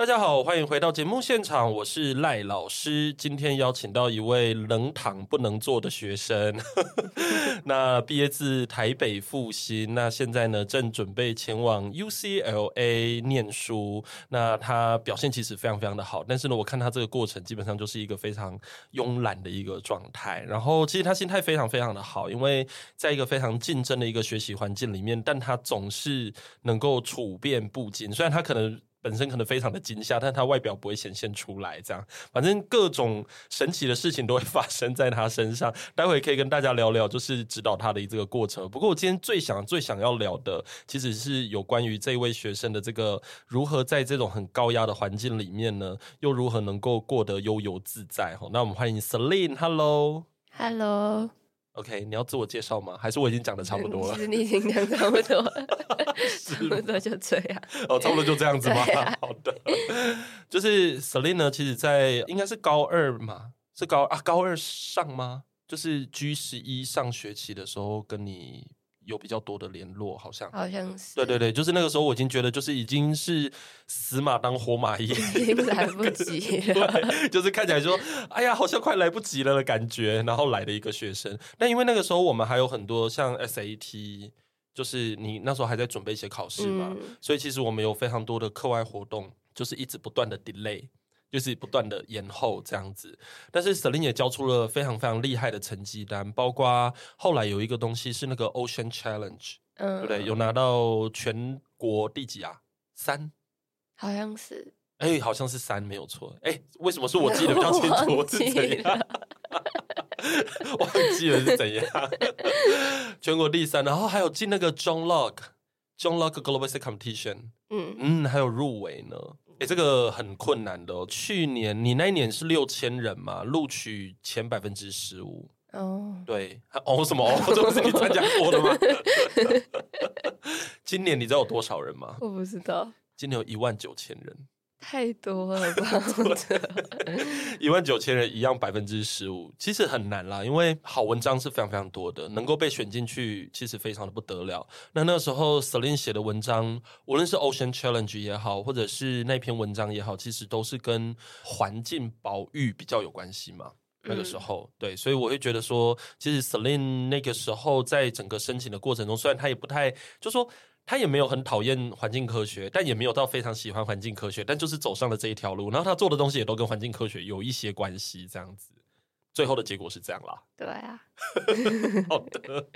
大家好，歡迎回到節目現場，我是賴老師。今天邀請到一位能躺不能坐的學生， 那畢業自台北復興，那現在呢，正準備前往 UCLA 念書。那他表現其實非常非常的好，但是呢，我看他這個過程基本上就是一個非常慵懶的一個狀態。然後，其實他心態非常非常的好，因為在一個非常競爭的一個學習環境裡面，但他總是能夠處變不驚。雖然他可能。本身可能非常的驚嚇，但他外表不會顯現出來，這樣，反正各種神奇的事情都會發生在他身上。待會可以跟大家聊聊，就是指導他的這個過程。不過我今天最想、最想要聊的，其實是有關於這位學生的這個如何在這種很高壓的環境裡面呢，又如何能夠過得悠游自在。好，那我們歡迎 Celine，Hello，Hello。Hello. OK，你要自我介紹嗎？還是我已經講的差不多了？其實你已經講差不多了， 差不多就這樣。哦，差不多就這樣子吧、啊。好的，就是 Celine，其實在，在應該是高二嘛，是高啊，高二上嗎？就是 G 十一上學期的時候跟你。有比較多的聯絡，好像好像是，對對對，就是那個時候我已經覺得就是已經是死馬當活馬醫、那個，來不及 就是看起來說哎呀，好像快來不及了的感覺，然後來了一個學生，但因為那個時候我們還有很多像 SAT，就是你那時候還在準備一些考試嘛、嗯，所以其實我們有非常多的課外活動，就是一直不斷的 delay。就是不斷的延後這樣子，但是 Celine 也交出了非常非常厲害的成績單，包括後來有一個東西是那個 Ocean Challenge、嗯、對，對有拿到全國第幾啊？三，好像是。哎、欸，好像是三，沒有錯。哎、欸，為什麼是我記得比較清楚？我忘記了，我是我忘記了 忘記了是怎樣？ 全國第三，然後還有進那個 John Locke，John Locke Globalist Competition，嗯嗯，還有入圍呢。誒，這個很困難的哦。去年你那一年是六千人嘛，錄取前百分之十五。對，哦什麼哦，這不是你參加過的嗎 的？今年你知道有多少人嗎？我不知道。今年有一萬九千人。太多了吧 對！ 一萬九千人一樣百分之十五，其實很難啦。因為好文章是非常非常多的，能夠被選進去其實非常的不得了。那那個時候 Celine 寫的文章，無論是 Ocean Challenge 也好，或者是那篇文章也好，其實都是跟環境保育比較有關係嘛、嗯。那個時候，對，所以我會覺得說，其實 Celine 那個時候在整個申請的過程中，雖然他也不太就說。他也沒有很討厭環境科學，但也沒有到非常喜歡環境科學，但就是走上了這一條路。然後他做的東西也都跟環境科學有一些關係，這樣子。最後的結果是這樣啦。對啊， 好的。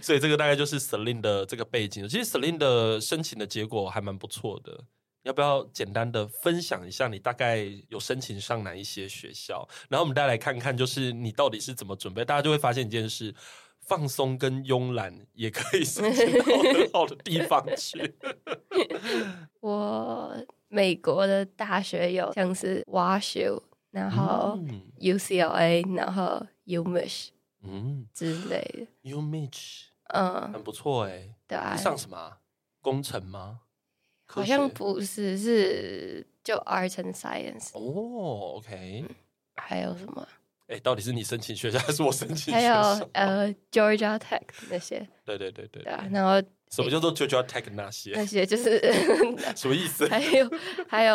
所以這個大概就是 Celine 的這個背景。其實 Celine 的申請的結果還蠻不錯的。要不要簡單的分享一下你大概有申請上哪一些學校？然後我們再來看看，就是你到底是怎麼準備，大家就會發現一件事。放鬆跟慵懶也可以申請到很好的地方去 。 我美國的大學有像是 WashU，然後 U C L A，然後 U Mich 嗯之類的。U Mich 嗯，很不錯哎、欸。對啊。上什麼工程嗎？好像不是，是就 Art and Science。哦，OK、嗯。還有什麼？哎、欸，到底是你申請學校還是我申請？還有呃，Georgia Tech 那些， 對對對對，對，對、啊，然後、欸、什麼叫做 Georgia Tech 那些？那些就是 什麼意思？ 還有還有，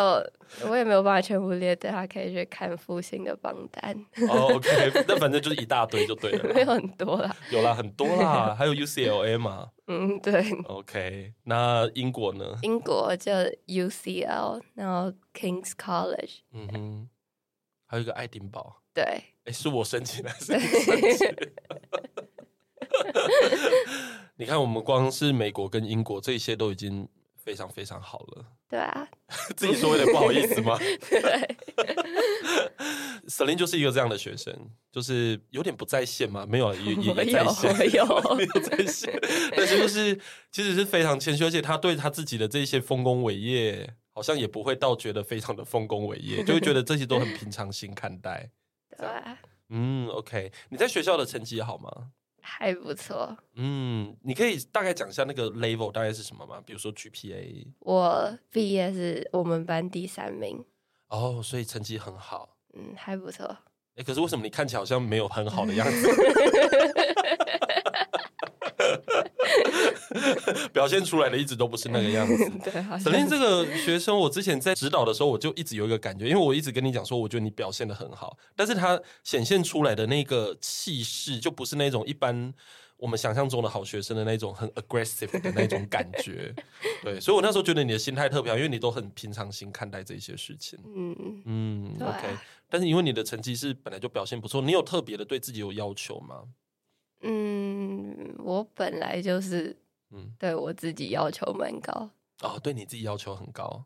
我也沒有辦法全部列對，大家可以去看復興的榜單。Oh, OK，那 反正就一大堆就對了， 沒有很多啦，有啦很多啦，還有 UCLA 嘛， 嗯對，OK，那英國呢？英國就 UCL，然後 Kings College，嗯哼，還有一個愛丁堡。對誒，是我申請的還是你 你看，我們光是美國跟英國這些都已經非常非常好了。對啊， 自己說有點不好意思嗎？對，Celine 對 就是一個這樣的學生，就是有點不在線嘛。沒有，也也沒在線，沒有，有 也在線。但是就是其實是非常謙虛，而且他對他自己的這些豐功偉業，好像也不會到覺得非常的豐功偉業，就會覺得這些都很平常心看待。 對、啊，嗯，OK，你在學校的成績好嗎？還不錯，嗯，你可以大概講一下那個 level 大概是什麼嗎？比如說 GPA，我畢業是我們班第三名，哦，所以成績很好，嗯，還不錯、欸，可是為什麼你看起來好像沒有很好的樣子？ 表現出來的一直都不是那個樣子。對，首 先這個學生，我之前在指導的時候，我就一直有一個感覺，因為我一直跟你講說，我覺得你表現得很好，但是他顯現出來的那個氣勢，就不是那一種一般我們想象中的好學生的那種很 aggressive 的那種感覺。 對，所以我那時候覺得你的心態特別好，因為你都很平常心看待這些事情。嗯嗯、對啊、okay. 但是因為你的成績是本來就表現不錯，你有特別的對自己有要求嗎？嗯，我本來就是。嗯，對我自己要求蠻高哦。對你自己要求很高，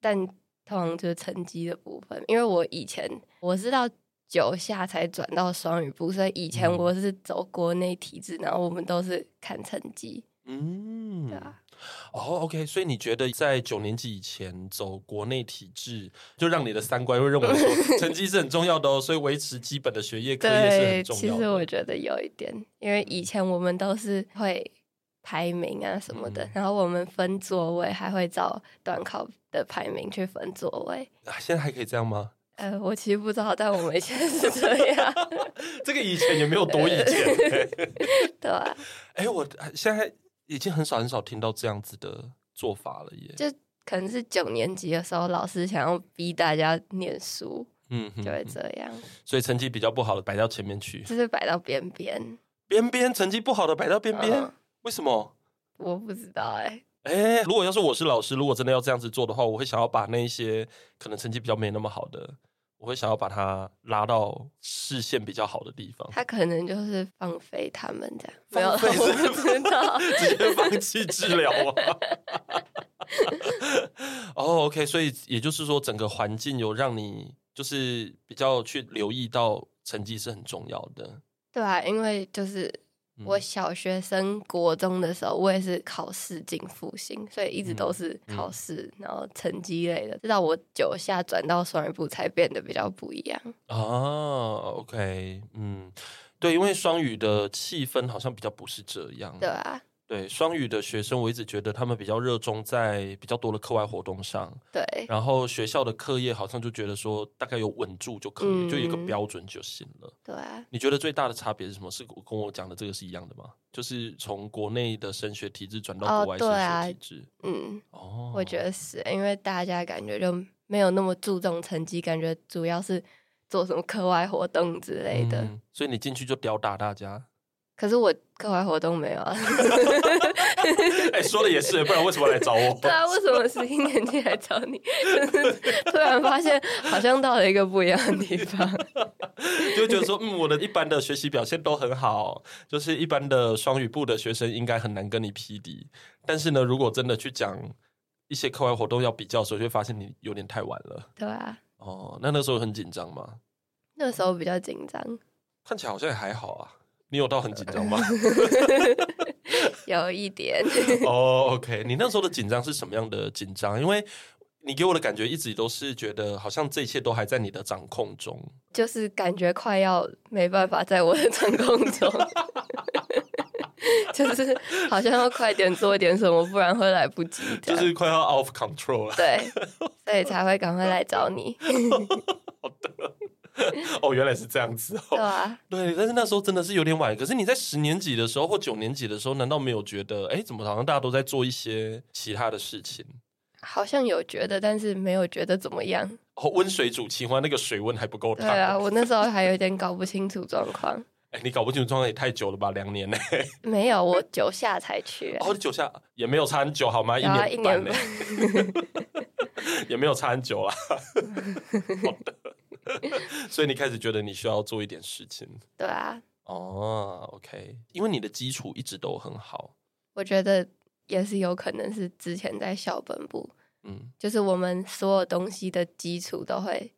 但通常就是成績的部分，因為我以前我是到九下才轉到雙語部，所以以前我是走國內體制，然後我們都是看成績。嗯，對啊。哦，OK，所以你覺得在九年級以前走國內體制，就讓你的三觀會認為說 成績是很重要的哦，所以維持基本的學業課業是很重要。其實我覺得有一點，因為以前我們都是會排名啊什麼的、嗯，然後我們分座位，還會照短考的排名去分座位。現在還可以這樣嗎？呃，我其實不知道， 但我們以前是這樣。 這個以前也沒有多意前，對。哎、欸 啊欸，我現在已經很少很少聽到這樣子的做法了，耶。就可能是九年級的時候，老師想要逼大家念書，嗯，就會這樣。所以成績比較不好的擺到前面去，就是擺到邊邊。邊邊成績不好的擺到邊邊。哦為什麼？我不知道哎、欸。哎、欸，如果要是我是老師，如果真的要這樣子做的話，我會想要把那些可能成績比較沒那麼好的，我會想要把他拉到視線比較好的地方。他可能就是放飛他們這樣，我有，不知道 直接放棄治療啊？哦、 oh,，OK，所以也就是說，整個環境有讓你就是比較去留意到成績是很重要的。對啊，因為就是。我小學升國中的時候，我也是考試進復興，所以一直都是考試、嗯，然後成績類的。直到我九下轉到雙語部，才變得比較不一樣。哦、啊，OK，嗯，對，因為雙語的氣氛好像比較不是這樣。對啊。對，雙語的學生，我一直覺得他們比較熱衷在比較多的課外活動上。對，然後學校的課業好像就覺得說，大概有穩住就可以，嗯，就有一個標準就行了。對啊，你覺得最大的差別是什麼？是跟我講的這個是一樣的嗎？就是從國內的升學體制轉到國外的升學體制。哦啊，嗯，哦，我覺得是因為大家感覺就沒有那麼注重成績，感覺主要是做什麼課外活動之類的。嗯，所以你進去就吊打大家。可是我課外活動沒有啊 欸。哎， 說的也是，不然為什麼來找我？ 對啊，為什麼十一年級來找你？ 突然發現好像到了一個不一樣的地方 就覺得說，嗯，我的一般的學習表現都很好，就是一般的雙語部的學生應該很難跟你匹敵。但是呢，如果真的去講一些課外活動要比較的時候，就會發現你有點太晚了。對啊。哦，那那時候很緊張嗎？那時候比較緊張。看起來好像也還好啊。你有到很緊張嗎？ 有一點。哦、oh，OK。你那時候的緊張是什麼樣的緊張？因為你給我的感覺一直都是覺得，好像這一切都還在你的掌控中，就是感覺快要沒辦法在我的掌控中， 就是好像要快點做一點什麼，不然會來不及，就是快要 off control 了、啊。對，所以才會趕快來找你。好的。 哦，原來是這樣子哦對、啊。對，但是那時候真的是有點晚。可是你在十年級的時候或九年級的時候，難道沒有覺得？哎、欸，怎麼好像大家都在做一些其他的事情？好像有覺得，但是沒有覺得怎麼樣。哦，溫水煮青蛙，那個水溫還不夠燙。對啊，我那時候還有點搞不清楚狀況。哎、 欸，你搞不清楚狀況也太久了吧？兩年呢、欸？沒有，我九下才去了。 哦，九下也沒有差很久好嗎？一年半，一年半？也沒有差很久啦。好的。 所以你開始覺得你需要做一點事情？對啊。哦、oh，OK，因為你的基礎一直都很好，我覺得也是有可能是之前在校本部，嗯，就是我們所有東西的基礎都會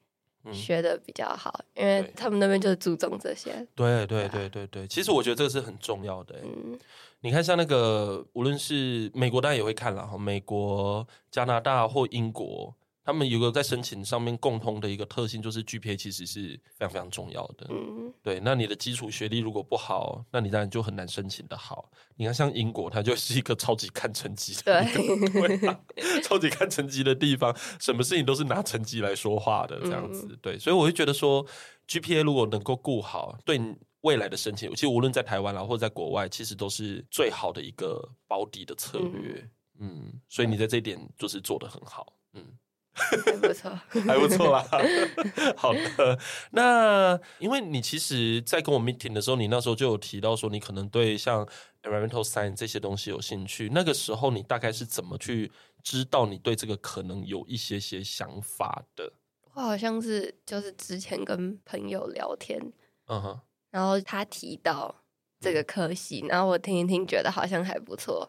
學得比較好、嗯，因為他們那邊就是注重這些。對對對對對，對啊、其實我覺得這個是很重要的、欸。嗯，你看像那個，無論是美國大家也會看啦，美國、加拿大或英國。他們有個在申請上面共通的一個特性，就是 GPA 其實是非常非常重要的。嗯，對。那你的基礎學歷如果不好，那你當然就很難申請的好。你看，像英國，它就是一個超級看成績的一個，對，對 超級看成績的地方，什麼事情都是拿成績來說話的這樣子、嗯。對，所以我就覺得說，GPA 如果能夠顧好，對未來的申請，其實無論在台灣啦，或者在國外，其實都是最好的一個保底的策略嗯。嗯，所以你在這一點就是做得很好。嗯。不錯，還不錯錯啦 好的，那因為你其實，在跟我 meeting 的時候，你那時候就有提到說，你可能對像 environmental science 這些東西有興趣。那個時候，你大概是怎麼去知道你對這個可能有一些些想法的？我好像是就是之前跟朋友聊天，嗯哼，然後他提到這個科系，然後我聽一聽，覺得好像還不錯，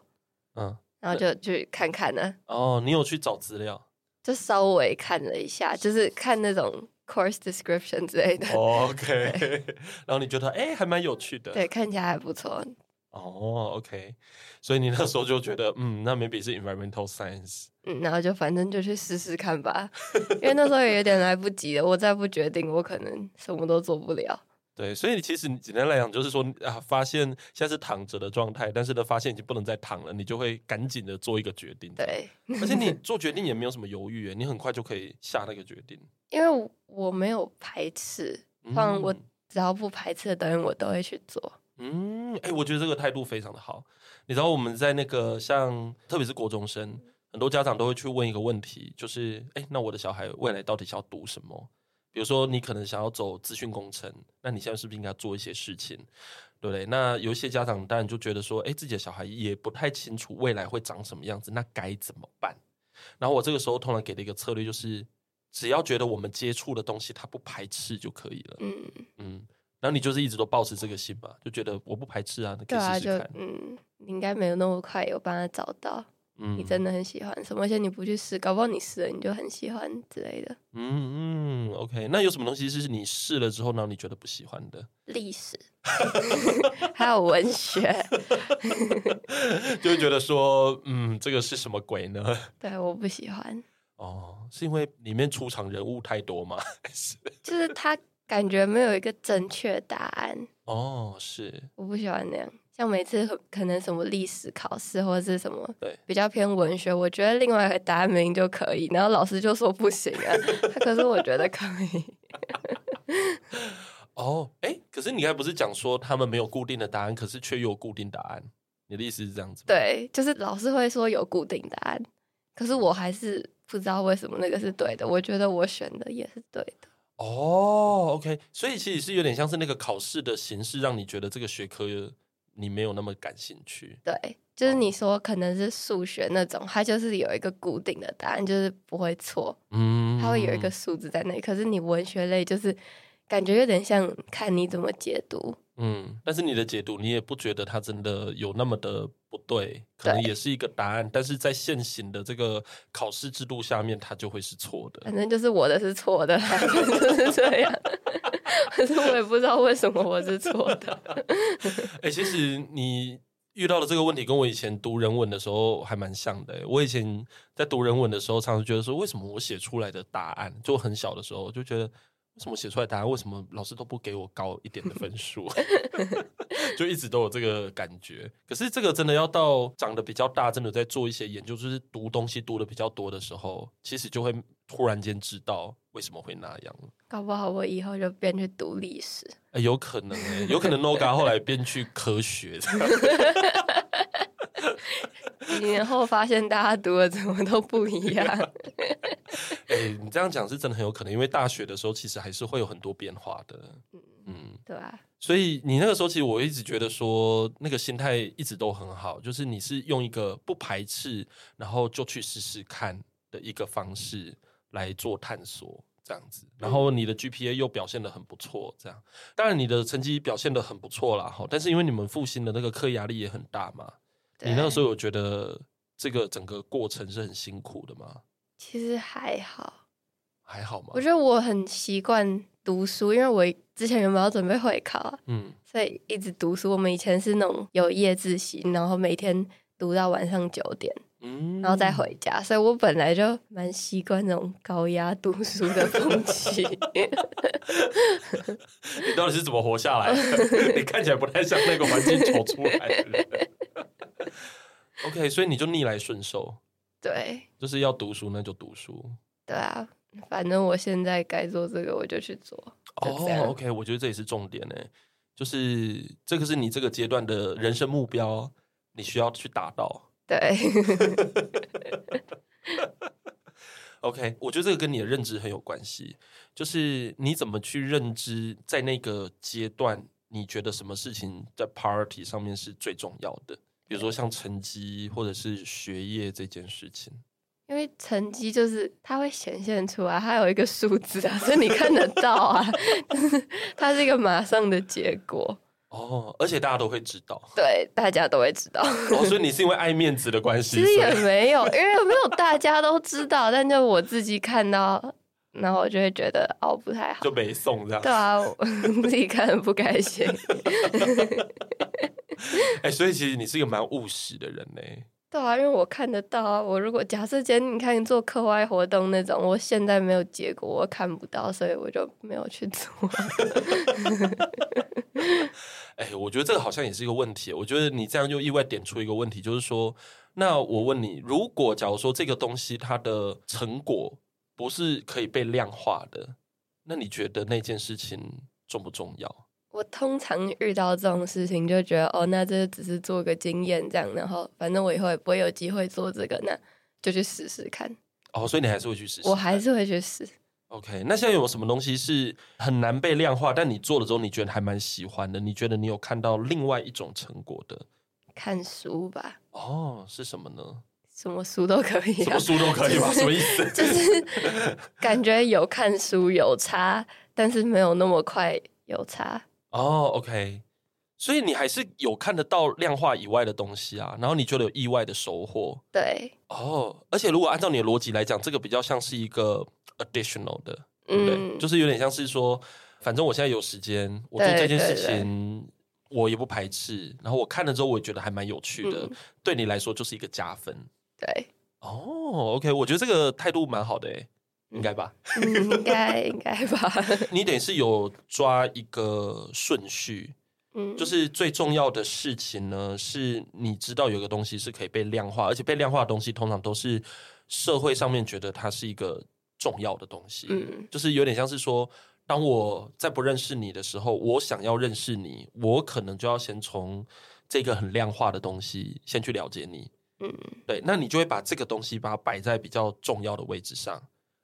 嗯、uh -huh.，然後就去看看呢、啊。哦、oh,，你有去找資料。就稍微看了一下，就是看那種 course description 之類的。Oh, OK， 然後你覺得，哎、欸，還蠻有趣的。對，看起來還不錯。哦、oh,，OK，所以你那時候就覺得， 嗯，那 maybe 是 environmental science。嗯，然後就反正就去試試看吧， 因為那時候也有點來不及了。我再不決定，我可能什麼都做不了。對，所以你其實你簡單來講，就是說啊，發現現在是躺着的狀態，但是呢，發現已經不能再躺了，你就會趕緊的做一個決定。對， 而且你做決定也沒有什麼猶豫，你很快就可以下那個決定。因為我沒有排斥，嗯，我只要不排斥的，東西我都會去做。嗯，哎、嗯欸，我覺得這個態度非常的好。你知道，我們在那個像，特別是國中生，很多家長都會去問一個問題，就是哎、欸，那我的小孩未來到底是要讀什麼？比如說，你可能想要走資訊工程，那你現在是不是應該做一些事情，對不對？那有一些家長當然就覺得說，哎，自己的小孩也不太清楚未來會長什麼樣子，那該怎麼辦？然後我這個時候通常給的一個策略就是，只要覺得我們接觸的東西他不排斥就可以了。嗯嗯。然後你就是一直都保持這個心吧，就覺得我不排斥啊，那可以試試看，啊。嗯，應該沒有那麼快有辦法找到。嗯，你真的很喜歡，什麼？而且你不去試，搞不好你試了你就很喜歡之類的。嗯嗯，OK。那有什麼東西是你試了之後呢，然後你覺得不喜歡的？歷史， 還有文學， 就覺得說，嗯，這個是什麼鬼呢？對，我不喜歡。哦，是因為裡面出場人物太多嗎？是， 就是他感覺沒有一個正確答案。哦，是，我不喜歡那樣。像每次可能什麼歷史考試或者是什麼比較偏文學，我覺得另外一個答案名就可以，然後老師就說不行啊。 可是我覺得可以。哦，哎，可是你剛才不是講說他們沒有固定的答案，可是卻有固定答案？你的意思是這樣子？對，就是老師會說有固定答案，可是我還是不知道為什麼那個是對的。我覺得我選的也是對的。哦、oh，OK，所以其實是有點像是那個考試的形式，讓你覺得這個學科。你沒有那麼感興趣，對，就是你說可能是數學那種，它就是有一個固定的答案，就是不會錯，嗯，它會有一個數字在那裡，嗯，可是你文學類，就是感覺有點像看你怎麼解讀。嗯，但是你的解讀，你也不覺得它真的有那麼的不對，可能也是一個答案。但是在現行的這個考試制度下面，它就會是錯的。反正就是我的是錯的， 就是這樣。可 是我也不知道為什麼我是錯的。哎、 欸，其實你遇到的這個問題跟我以前讀人文的時候還蠻像的、欸。我以前在讀人文的時候，常常覺得說，為什麼我寫出來的答案，就很小的時候我就覺得。為什麼寫出來答案？為什麼老師都不給我高一點的分數？ 就一直都有這個感覺。可是這個真的要到長得比較大，真的在做一些研究，就是讀東西讀得比較多的時候，其實就會突然間知道為什麼會那樣。搞不好我以後就變去讀歷史。欸，有可能、欸，有可能諾嘎後來變去科學。 幾年後發現大家讀的怎麼都不一樣 。哎，你這樣講是真的很有可能，因為大學的時候其實還是會有很多變化的。嗯，對啊。所以你那個時候其實我一直覺得說，那個心態一直都很好，就是你是用一個不排斥，然後就去試試看的一個方式來做探索，這樣子。然後你的 GPA 又表現得很不錯，這樣。當然你的成績表現得很不錯啦。哈，但是因為你們復興的那個課壓力也很大嘛。你那個時候有覺得這個整個過程是很辛苦的嗎？其實還好，還好嗎？我覺得我很習慣讀書，因為我之前原本要準備會考，嗯，所以一直讀書。我們以前是那種有夜自習，然後每天讀到晚上九點，嗯，然後再回家。所以我本來就蠻習慣那種高壓讀書的風氣。 你到底是怎麼活下來的？ 你看起來不太像那個環境走出來的人。 OK，所以你就逆來順受，對，就是要讀書那就讀書，對啊，反正我現在該做這個我就去做，哦、oh，OK，我覺得這也是重點呢，就是這個是你這個階段的人生目標，你需要去達到，對 ，OK，我覺得這個跟你的認知很有關係，就是你怎麼去認知，在那個階段，你覺得什麼事情在 party 上面是最重要的？比如說像成績或者是學業這件事情，因為成績就是它會顯現出來，它有一個數字啊，所以你看得到啊， 但是它是一個馬上的結果哦，而且大家都會知道，對，大家都會知道。哦，所以你是因為愛面子的關係？其實也沒有， 因為沒有大家都知道， 但就我自己看到，然後我就會覺得哦不太好，就沒送這樣。對啊，我自己看不開心。 哎、欸，所以其實你是一個蠻務實的人呢、欸？對啊，因為我看得到啊。我如果假設今天，你看做課外活動那種，我現在沒有結果，我看不到，所以我就沒有去做。哎、 欸，我覺得這個好像也是一個問題。我覺得你這樣就意外點出一個問題，就是說，那我問你，如果假如說這個東西它的成果不是可以被量化的，那你覺得那件事情重不重要？我通常遇到這種事情就覺得哦，那這只是做個經驗這樣，然後反正我以後也不會有機會做這個，那就去試試看。哦，所以你還是會去試。我還是會去試。OK，那現在有什麼東西是很難被量化，但你做了之後你覺得還蠻喜歡的？你覺得你有看到另外一種成果的？看書吧。哦，是什麼呢？什麼書都可以啊，什麼書都可以吧啊？什麼意思？就是感覺有看書有差，但是沒有那麼快有差。哦、oh，OK，所以你還是有看得到量化以外的東西啊，然後你覺得有意外的收穫。對，哦、oh，而且如果按照你的邏輯來講，這個比較像是一個 additional 的，嗯、對，就是有點像是說，反正我現在有時間，我對這件事情，我也不排斥，對對對對，然後我看了之後，我也覺得還蠻有趣的。嗯，對你來說就是一個加分，對，哦、oh，OK，我覺得這個態度蠻好的誒、欸。應該吧，應該應該吧。你得是有抓一個順序，嗯，就是最重要的事情呢，是你知道有個東西是可以被量化，而且被量化的東西通常都是社會上面覺得它是一個重要的東西，嗯，就是有點像是說，當我在不認識你的時候，我想要認識你，我可能就要先從這個很量化的東西先去了解你，嗯，對，那你就會把這個東西把它擺在比較重要的位置上。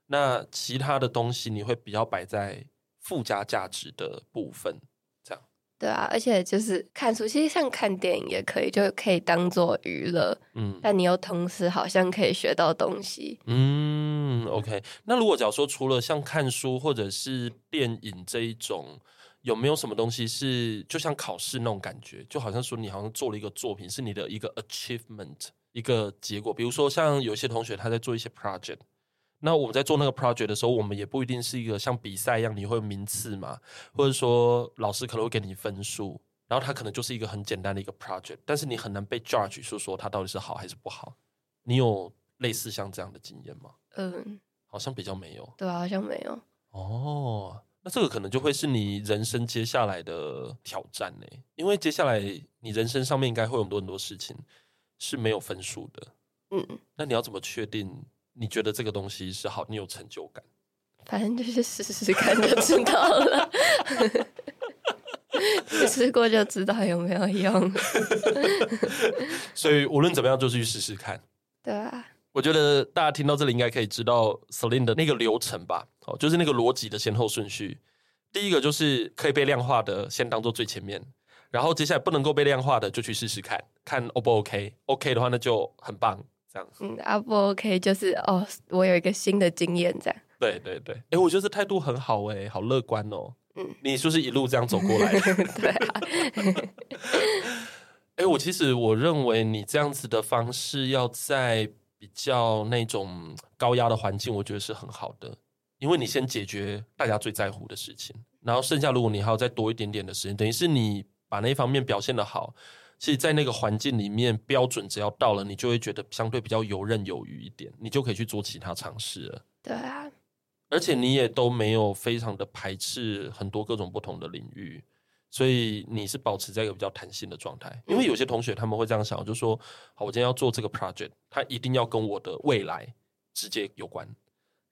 那其他的東西你會比較擺在附加價值的部分，這樣？對啊，而且就是看書其實像看電影也可以，就可以當做娛樂，嗯，但你又同時好像可以學到東西，嗯，OK。那如果假如說除了像看書或者是電影這一種，有沒有什麼東西是就像考試那種感覺？就好像說你好像做了一個作品，是你的一個 achievement，一個結果。比如說像有些同學他在做一些 project。那我們在做那個 project 的時候，我們也不一定是一個像比賽一樣，你會有名次嘛？或者說老師可能會給你分數，然後他可能就是一個很簡單的一個 project，但是你很難被 judge，說說他到底是好還是不好。你有類似像這樣的經驗嗎？嗯，好像比較沒有。對啊，好像沒有。哦，那這個可能就會是你人生接下來的挑戰欸，因為接下來你人生上面應該會有很多很多事情是沒有分數的。嗯，那你要怎麼確定？你覺得這個東西是好，你有成就感。反正就是試試看就知道了， 試 過就知道有沒有用 。所以無論怎麼樣，就是去試試看。對啊。我覺得大家聽到這裡應該可以知道 Celine 那個流程吧？哦，就是那個邏輯的先後順序。第一個就是可以被量化的，先當做最前面；然後接下來不能夠被量化的，就去試試看，看 O 不 OK？OK 的話，那就很棒。嗯，啊不 OK，就是哦，我有一個新的經驗這樣。對對對，哎，我覺得這態度很好哎、欸，好樂觀哦。嗯，你是不是一路這樣走過來的？ 對、啊。哎， 我其實我認為你這樣子的方式，要在比較那種高壓的環境，我覺得是很好的，因為你先解決大家最在乎的事情，然後剩下如果你還要再多一點點的時間，等於是你把那一方面表現得好。其實，在那個環境裡面，標準只要到了，你就會覺得相對比較游刃有餘一點，你就可以去做其他嘗試了。對啊，而且你也都沒有非常的排斥很多各種不同的領域，所以你是保持在一個比較彈性的狀態。因為有些同學他們會這樣想，就說：好，我今天要做這個 project，它一定要跟我的未來直接有關。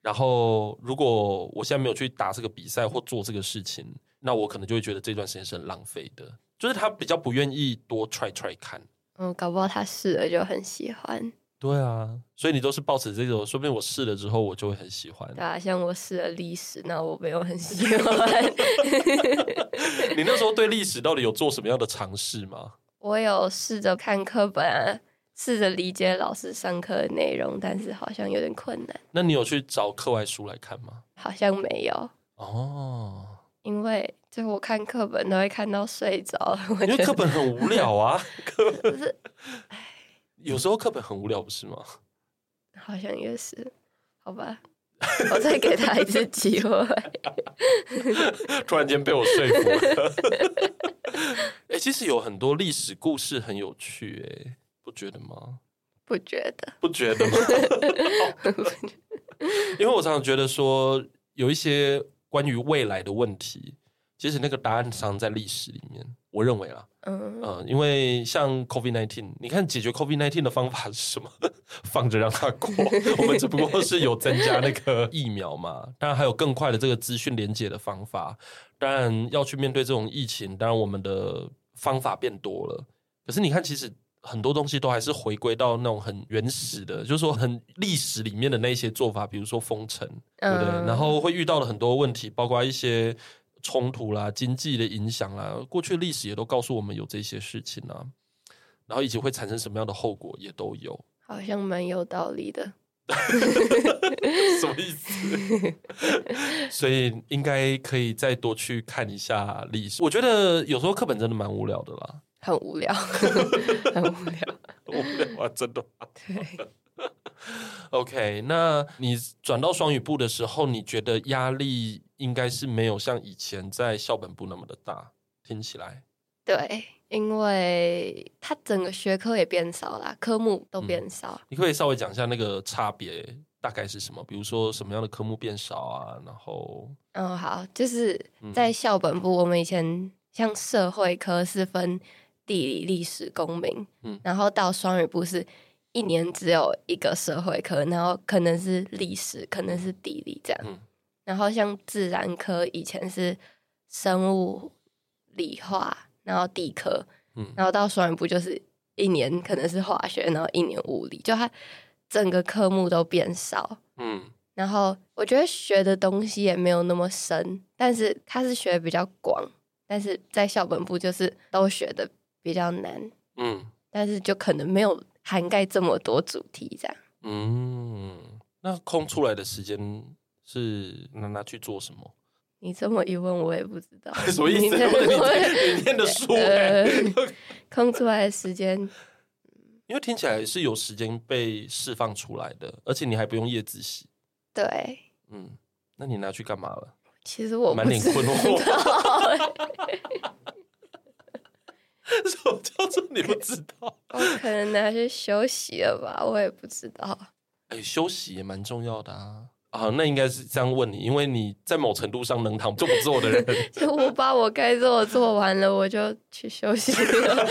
然後，如果我現在沒有去打這個比賽或做這個事情，那我可能就會覺得這段時間是很浪費的。就是他比較不願意多 try try 看，嗯，搞不好他試了就很喜歡。對啊，所以你都是抱持這種，說不定我試了之後我就會很喜歡。對啊，像我試了歷史，那我沒有很喜歡。 你那時候對歷史到底有做什麼樣的嘗試嗎？我有試着看課本、啊，試着理解老師上課的內容，但是好像有點困難。那你有去找課外書來看嗎？好像沒有。哦，因為。就我看課本都會看到睡着，因為課本很無聊啊。就 不是， 有時候課本很無聊，不是嗎？好像也是，好吧。我再給他一次機會。 突然間被我說服了。哎、 欸，其實有很多歷史故事很有趣、欸，哎，不覺得嗎？不覺得？不覺得嗎？ 得因為我常常覺得說，有一些關於未來的問題。其實那個答案藏在歷史裡面，我認為啦，嗯，呃，因為像 COVID-19，你看解決 COVID-19 的方法是什麼？ 放着讓它過， 我們只不過是有增加那個疫苗嘛。當然還有更快的這個資訊連接的方法。當然要去面對這種疫情，當然我們的方法變多了。可是你看，其實很多東西都還是回歸到那種很原始的，嗯、就是說很歷史裡面的那些做法，比如說封城，對不對、嗯？然後會遇到了很多問題，包括一些。衝突啦、啊，經濟的影響啦、啊，過去歷史也都告訴我們有這些事情呢、啊，然後以及會產生什麼樣的後果也都有。好像蠻有道理的， 什麼意思？ 所以應該可以再多去看一下歷史。我覺得有時候課本真的蠻無聊的啦，很無聊， 很無聊， 無聊啊，真的。對 ，OK，那你轉到雙語部的時候，你覺得壓力？應該是沒有像以前在校本部那麼的大，聽起來。對，因為它整個學科也變少了，科目都變少。嗯，你可以稍微講一下那個差別大概是什麼？比如說什麼樣的科目變少啊？然後，嗯，好，就是在校本部，我們以前像社會科是分地理、歷史、公民，嗯。然後到雙語部是一年只有一個社會科，然後可能是歷史，可能是地理這樣。嗯。然後像自然科以前是生物、理化，然後地科，嗯，然後到雙語部就是一年可能是化學，然後一年物理，就它整個科目都變少，嗯，然後我覺得學的東西也沒有那麼深，但是它是學的比較廣，但是在校本部就是都學的比較難，嗯，但是就可能沒有涵蓋這麼多主題這樣，嗯，那空出來的時間。是拿拿去做什麼？你這麼一問，我也不知道。所 什麼意思？你,問你,你念的書、欸，欸呃、 空出來的時間，因為聽起來是有時間被釋放出來的，而且你還不用夜自習。對，嗯，那你拿去幹嘛了？其實我滿臉困惑、欸。 什麼叫做你不知道？欸、我可能拿去休息了吧，我也不知道。哎、欸，休息也蠻重要的啊。好，那應該是這樣問你，因為你在某程度上能躺就不坐的人。 就我把我該做的做完了，我就去休息了，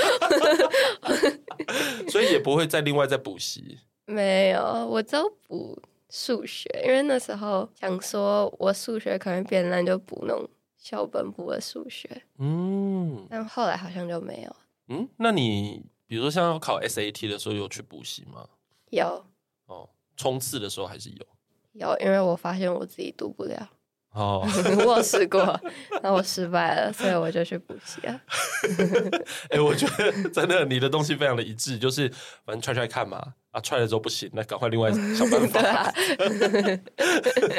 所以也不會再另外再補習。沒有，我都補數學，因為那時候想說我數學可能變爛，就補弄校本部的數學。嗯，但後來好像就沒有。嗯，那你比如說像要考 SAT 的時候，有去補習嗎？有。哦，衝刺的時候還是有。有，因為我發現我自己讀不了。哦， 我試過，那我失敗了，所以我就去補習。哎 欸，我覺得真的，你的東西非常的一致，就是反正 try try 看嘛，啊 try 了之後不行，那趕快另外想辦法。 對啊、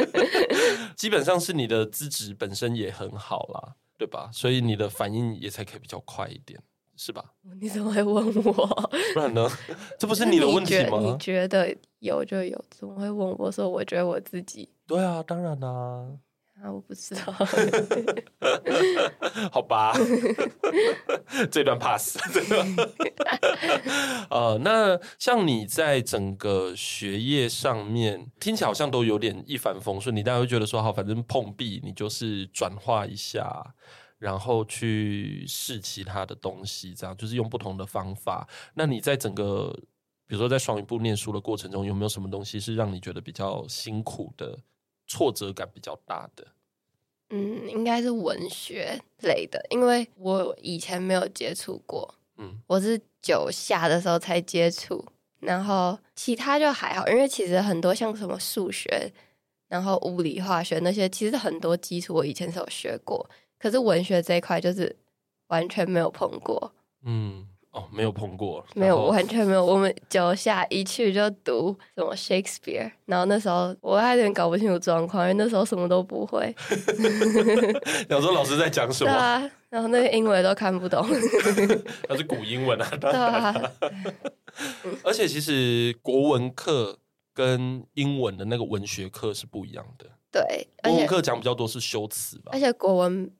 基本上是你的資質本身也很好啦，對吧？所以你的反應也才可以比較快一點。是吧？你怎麼會問我？不然呢？這不是你的問題嗎？你覺得，你覺得有就有，怎麼會問我說？我覺得我自己。對啊，當然啦、啊。啊，我不知道。 好吧， 這段 pass。 呃，那像你在整個學業上面，聽起來好像都有點一帆風順。所以你大家會覺得說，好，反正碰壁，你就是轉化一下。然後去試其他的東西，這樣就是用不同的方法。那你在整個，比如說在雙語部念書的過程中，有沒有什麼東西是讓你覺得比較辛苦的、挫折感比較大的？嗯，應該是文學類的，因為我以前沒有接觸過。嗯，我是九下的時候才接觸，然後其他就還好，因為其實很多像什麼數學、然後物理、化學那些，其實很多基礎我以前是有學過。可是文學這一塊就是完全沒有碰過，嗯，哦，沒有碰過，沒有，完全沒有。我們九下一去就讀什麼 Shakespeare，然後那時候我還有點搞不清楚狀況，因為那時候什麼都不會。然後說老師在講什麼？對啊，然後那些英文都看不懂 ，他是古英文啊。對啊， 而且其實國文課跟英文的那個文學課是不一樣的。對，國文課講比較多是修辭吧，而且國文。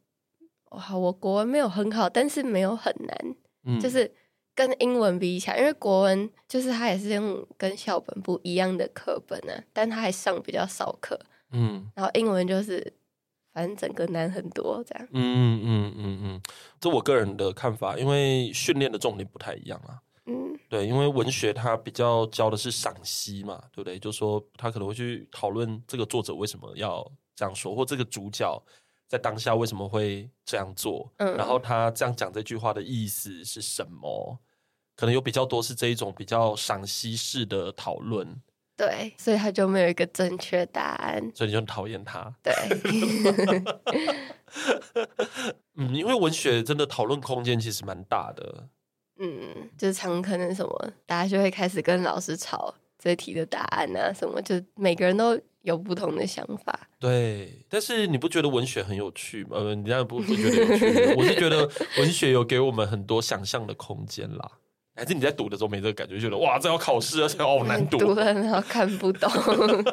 哇，我國文沒有很好，但是沒有很難，嗯，就是跟英文比起來，因為國文就是它也是用跟校本不一樣的課本呢，啊，但它還上比較少課，嗯，然後英文就是反正整個難很多，這樣，嗯嗯嗯嗯嗯，這我個人的看法，因為訓練的重點不太一樣啊，嗯，對，因為文學它比較教的是賞析嘛，對不對？就是說他可能會去討論這個作者為什麼要這樣說，或這個主角。在當下為什麼會這樣做？嗯，然後他這樣講這句話的意思是什麼？可能有比較多是這一種比較賞析式的討論。對，所以他就沒有一個正確答案，所以你就討厭他。對， 嗯，因為文學真的討論空間其實蠻大的。嗯，就是常可能什麼，大家就會開始跟老師吵這題的答案啊，什麼，就每個人都。有不同的想法，對，但是你不覺得文學很有趣嗎？你當然不不覺得有趣， 我是覺得文學有給我們很多想象的空間啦。還是你在讀的時候沒這個感覺，就覺得哇，這要考試而且好難讀，讀了然後，看不懂，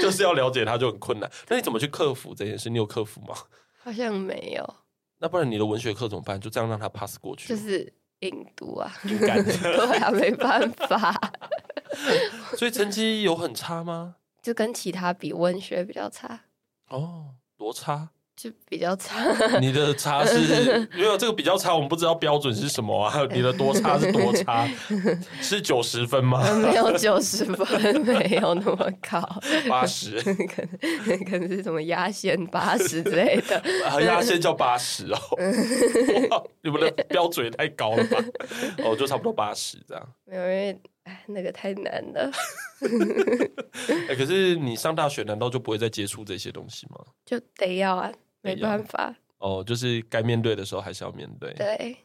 就是要了解它就很困難。那你怎麼去克服這件事？你有克服嗎？好像沒有。那不然你的文學課怎麼辦？就這樣讓它 pass 過去，就是硬讀啊，感 對啊，沒辦法。 所以成績有很差嗎？就跟其他比文學比較差哦？多差？就比較差。你的差是 因為這個比較差，我們不知道標準是什麼啊。 還有你的多差是多差， 是九十分嗎？沒有九十分， 沒有那麼高，八十 可能可能是什麼壓線八十之類的，壓 線叫八十哦。 你們的標準也太高了吧？哦， 就差不多八十這樣。沒有，因為。哎，那個太難了 、欸。可是你上大學難道就不會再接觸這些東西嗎？就得要啊，沒辦法。哦，就是該面對的時候還是要面對。對。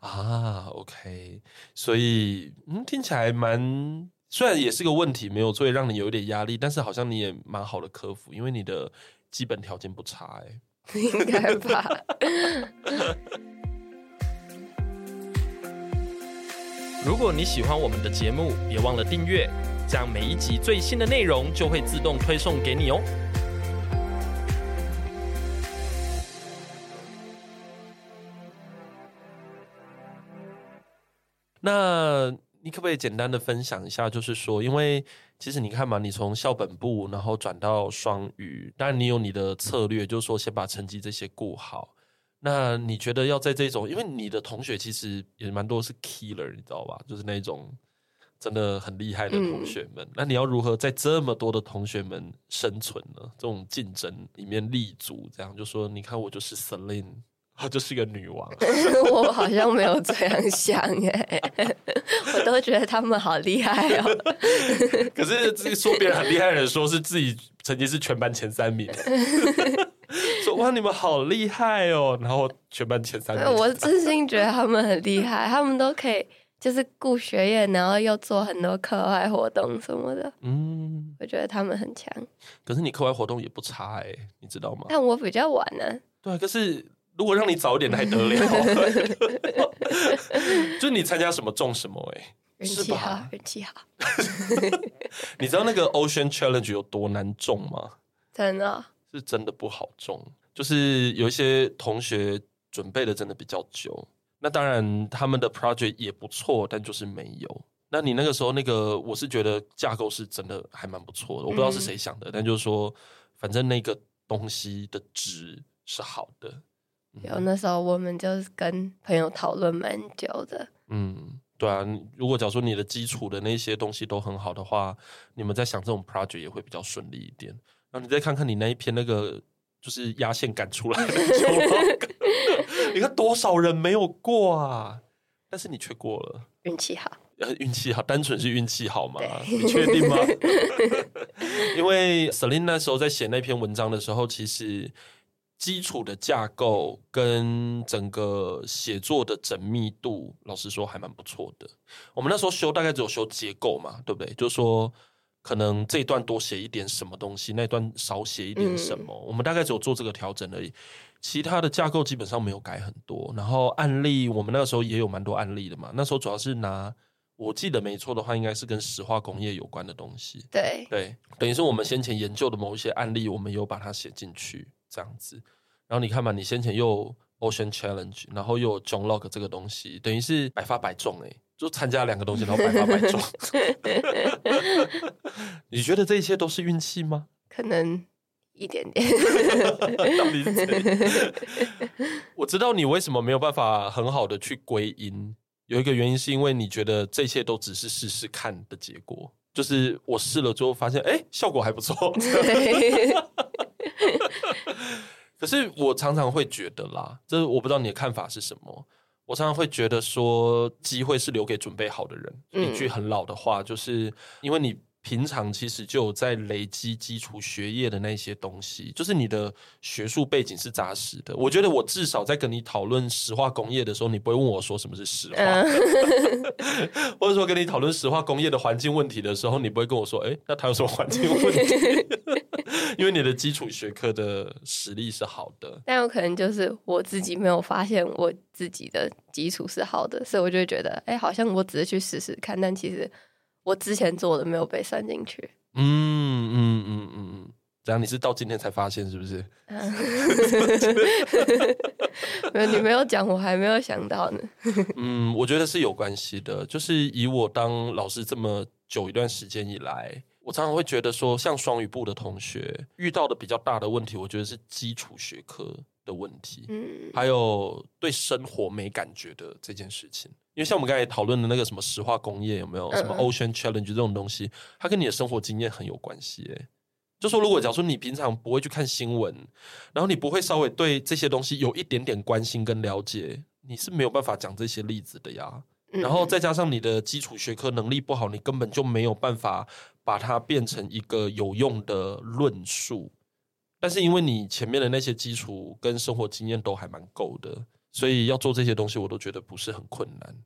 啊，OK，所以嗯，聽起來蠻……雖然也是個問題，沒有所以讓你有一點壓力，但是好像你也蠻好的克服，因為你的基本條件不差、欸，哎，應該吧。 如果你喜歡我們的節目，別忘了訂閱，這樣每一集最新的內容就會自動推送給你哦。那你可不可以簡單的分享一下？就是說，因為其實你看嘛，你從校本部然後轉到雙語，當然你有你的策略，就是說先把成績這些顧好。那你覺得要在這種，因為你的同學其實也蠻多是 killer，你知道吧？就是那種真的很厲害的同學們、嗯。那你要如何在這麼多的同學們生存呢？這種競爭裡面立足，這樣就說，你看我就是 Celine，我就是一個女王。 我好像沒有這樣想哎、欸， 我都覺得他們好厲害哦、喔。 可是自己說別人很厲害的人，說是自己曾經是全班前三名。 說哇，你們好厲害哦！然後全班前三，我真心覺得他們很厲害， 他們都可以就是顧學業，然後又做很多課外活動什麼的。嗯，我覺得他們很強。可是你課外活動也不差哎，你知道嗎？但我比較晚呢、啊。對，可是如果讓你早一點，還得了？ 就你參加什麼中什麼哎，運氣好，運氣好。 你知道那個 Ocean Challenge 有多難中嗎？真的、哦。是真的不好中，就是有一些同學準備的真的比較久，那當然他們的 project 也不錯，但就是沒有。那你那個時候那個，我是覺得架構是真的還蠻不錯的。嗯，我不知道是誰想的，但就是說，反正那個東西的值是好的。嗯、有那時候我們就是跟朋友討論蠻久的。嗯，對啊，如果假如說你的基礎的那些東西都很好的話，你們在想這種 project 也會比較順利一點。然、啊、後你再看看你那一篇那個就是壓線趕出來的， 你看多少人沒有過啊？但是你卻過了，運氣好、呃，運氣好，單純是運氣好嘛？你確定嗎？ 因為 Celine 那時候在寫那篇文章的時候，其實基礎的架構跟整個寫作的縝密度，老實說還蠻不錯的。我們那時候修大概只有修結構嘛，對不對？就是說。可能這段多寫一點什麼東西，那段少寫一點什麼、嗯。我們大概只有做這個調整而已。其他的架構基本上沒有改很多。然後案例，我們那時候也有蠻多案例的嘛。那時候主要是拿，我記得沒錯的話，應該是跟石化工業有關的東西。對對，等於是我們先前研究的某一些案例，我們有把它寫進去這樣子。然後你看嘛，你先前又有 Ocean Challenge，然後又有 John Locke 這個東西，等於是百發百中哎、欸。就參加兩個東西，然後百發百中。 你覺得這一切都是運氣嗎？可能一點點 是。 我知道你為什麼沒有辦法很好的去歸因，有一個原因是因為你覺得這些都只是試試看的結果，就是我試了之後發現，哎、欸，效果還不錯。 可是我常常會覺得啦，這是我不知道你的看法是什麼。我常常會覺得說，機會是留給準備好的人。一句很老的話，就是因為你平常其實就有在累積基礎學業的那些東西，就是你的學術背景是扎實的。我覺得我至少在跟你討論石化工業的時候，你不會問我說什麼是石化，uh... 或者說跟你討論石化工業的環境問題的時候，你不會跟我說，哎，那它有什麼環境問題？ 因為你的基礎學科的實力是好的，但有可能就是我自己沒有發現我自己的基礎是好的，所以我就會覺得，哎、欸，好像我只是去試試看，但其實我之前做的沒有被算進去。嗯嗯嗯嗯嗯，這、嗯嗯、樣你是到今天才發現是不是？嗯、 沒有，你沒有講，我還沒有想到呢。 嗯，我覺得是有關係的，就是以我當老師這麼久一段時間以來。我常常會覺得說，像雙語部的同學遇到的比較大的問題，我覺得是基礎學科的問題，嗯，還有對生活沒感覺的這件事情。因為像我們剛才討論的那個什麼石化工業有沒有什麼 Ocean Challenge 這種東西，它跟你的生活經驗很有關係。哎，就說如果假如說你平常不會去看新聞，然後你不會稍微對這些東西有一點點關心跟了解，你是沒有辦法講這些例子的呀。然後再加上你的基礎學科能力不好，你根本就沒有辦法。把它變成一個有用的論述，但是因為你前面的那些基礎跟生活經驗都還蠻夠的，所以要做這些東西，我都覺得不是很困難。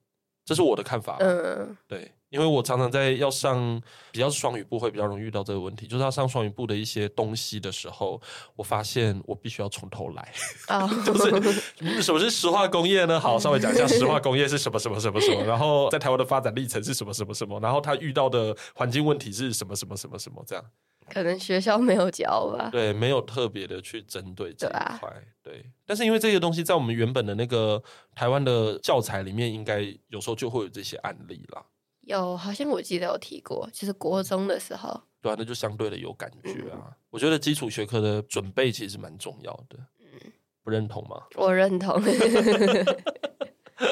這是我的看法。嗯、呃，對。因為我常常在要上比較是雙語部，會比較容易遇到這個問題。就是要上雙語部的一些東西的時候，我發現我必須要從頭來啊、oh. 就是，就是什麼是石化工業呢？好，稍微講一下石化工業是什麼什麼什麼什麼。然後在台灣的發展歷程是什麼什麼什麼。然後他遇到的環境問題是什麼什麼什麼什麼這樣。可能學校沒有教吧？對，沒有特別的去針對這一塊。對，對，但是因為這些東西在我們原本的那個台灣的教材裡面，應該有時候就會有這些案例啦。有，好像我記得有提過，就是國中的時候，對啊，那就相對的有感覺啊。嗯，我覺得基礎學科的準備其實是蠻重要的，不認同嗎？我認同。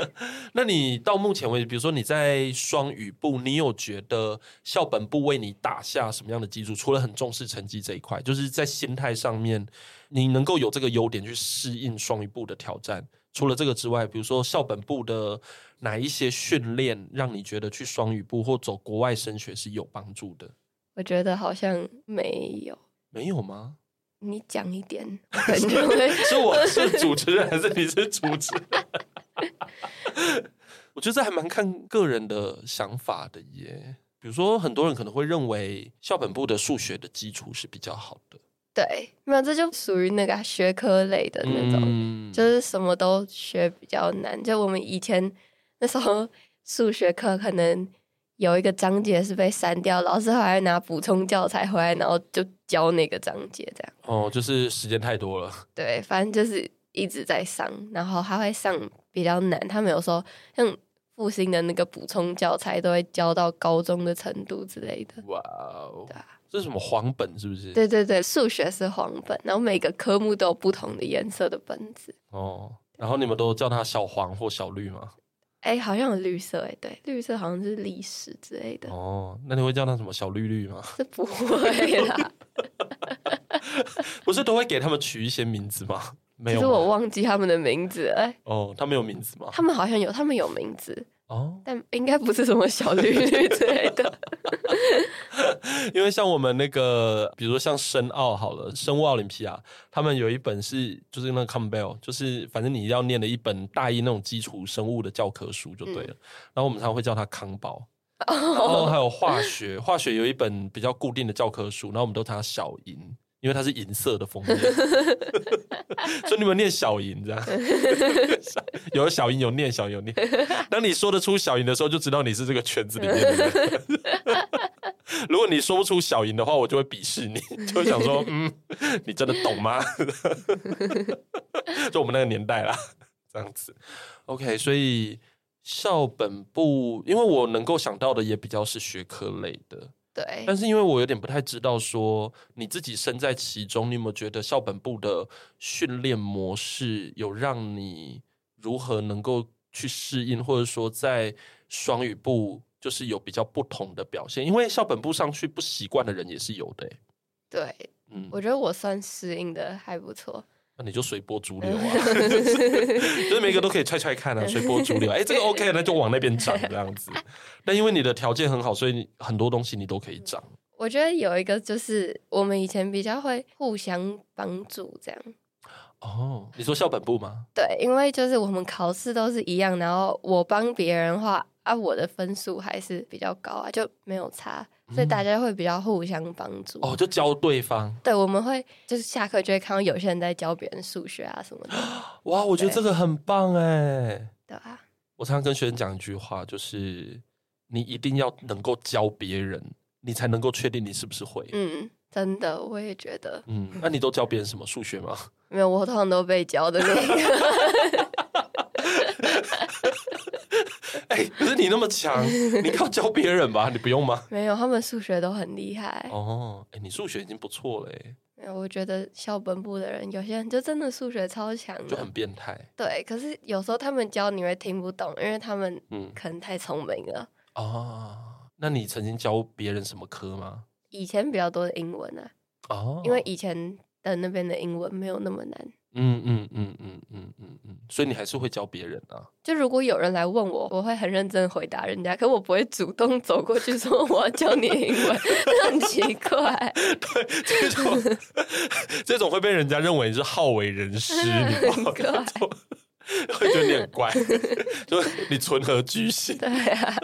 那你到目前為止，比如說你在雙語部，你有覺得校本部為你打下什麼樣的基礎？除了很重視成績這一塊，就是在心態上面，你能夠有這個優點去適應雙語部的挑戰。除了這個之外，比如說校本部的。哪一些訓練讓你覺得去雙語部或走國外升學是有幫助的？我覺得好像沒有，沒有嗎？你講一點，我就 是我是主持人還是你是主持人？ 我覺得這還蠻看個人的想法的耶。比如說，很多人可能會認為校本部的數學的基礎是比較好的。對，沒有，這就屬於那個、啊、學科類的那種、嗯，就是什麼都學比較難。就我們以前。那時候數學課可能有一個章節是被刪掉，老師還會拿補充教材回來，然後就教那個章節這樣。哦，就是時間太多了。對，反正就是一直在上，然後還會上比較難。他們有時候像復興的那個補充教材，都會教到高中的程度之類的。哇哦，對，這是什麼黃本？是不是？對對對，數學是黃本，然後每個科目都有不同的顏色的本子。哦，然後你們都叫他小黃或小綠嗎？哎、欸，好像有綠色、欸，哎，對，綠色好像是歷史之類的。哦，那你會叫它什麼？小綠綠嗎？是不會啦。 不是都會給他們取一些名字嗎？沒有。其實我忘記他們的名字，哎、欸。哦，他們有名字嗎？他們好像有，他們有名字。哦，但應該不是什麼小綠綠之類的， 因為像我們那個，比如說像生奧好了，生物奧林匹亞，他們有一本是就是那個 Campbell，就是反正你一定要念的一本大一那種基礎生物的教科書就對了、嗯，然後我們常常會叫它康寶，然後還有化學，化學有一本比較固定的教科書，然後我們都叫它小銀。因為它是銀色的封面， 所以你們念小銀這樣 有小音，有小銀有念小有念。當你說得出小銀的時候，就知道你是這個圈子裡面的人。對對 如果你說不出小銀的話，我就會鄙視你，就會想說，嗯，你真的懂嗎？ 就我們那個年代啦，這樣子。OK，所以校本部，因為我能夠想到的也比較是學科類的。對，但是因為我有點不太知道，說你自己身在其中，你有沒有覺得校本部的訓練模式有讓你如何能夠去適應，或者說在雙語部就是有比較不同的表現？因為校本部上去不習慣的人也是有的欸。對，嗯，我覺得我算適應的還不錯。那你就隨波逐流啊 就是每個都可以猜猜看啊，隨 波逐流。哎、欸，這個 OK，那就往那邊長這樣子。但 因為你的條件很好，所以很多東西你都可以長。我覺得有一個就是我們以前比較會互相幫助這樣。哦，你說校本部嗎？對，因為就是我們考試都是一樣，然後我幫別人的話，啊，我的分數還是比較高啊，就沒有差。所以大家會比較互相幫助、嗯、哦，就教對方。對，我們會就是下課就會看到有些人在教別人數學啊什麼的。哇，我覺得這個很棒哎。對啊。我常常跟學生講一句話，就是你一定要能夠教別人，你才能夠確定你是不是會。嗯，真的，我也覺得。嗯，那你都教別人什麼數 學嗎？沒有，我通常都被教的那個。 欸、可是你那麼強，你靠教別人吧， 你不用嗎？沒有，他們數學都很厲害。哦，哎、欸，你數學已經不錯了。欸，哎，沒有，我覺得校本部的人有些人就真的數學超強，就很變態。對，可是有時候他們教你會聽不懂，因為他們嗯，可能太聰明了。嗯。哦，那你曾經教別人什麼科嗎？以前比較多的英文啊，哦，因為以前的那邊的英文沒有那麼難。嗯嗯嗯嗯嗯嗯嗯，所以你還是會教別人啊？就如果有人來問我，我會很認真回答人家，可我不會主動走過去說我要教你英文，因 為很奇怪。對，這種 這種會被人家認為是好為人師， 你覺得？會覺得你很乖， 就是你存何居心？對啊。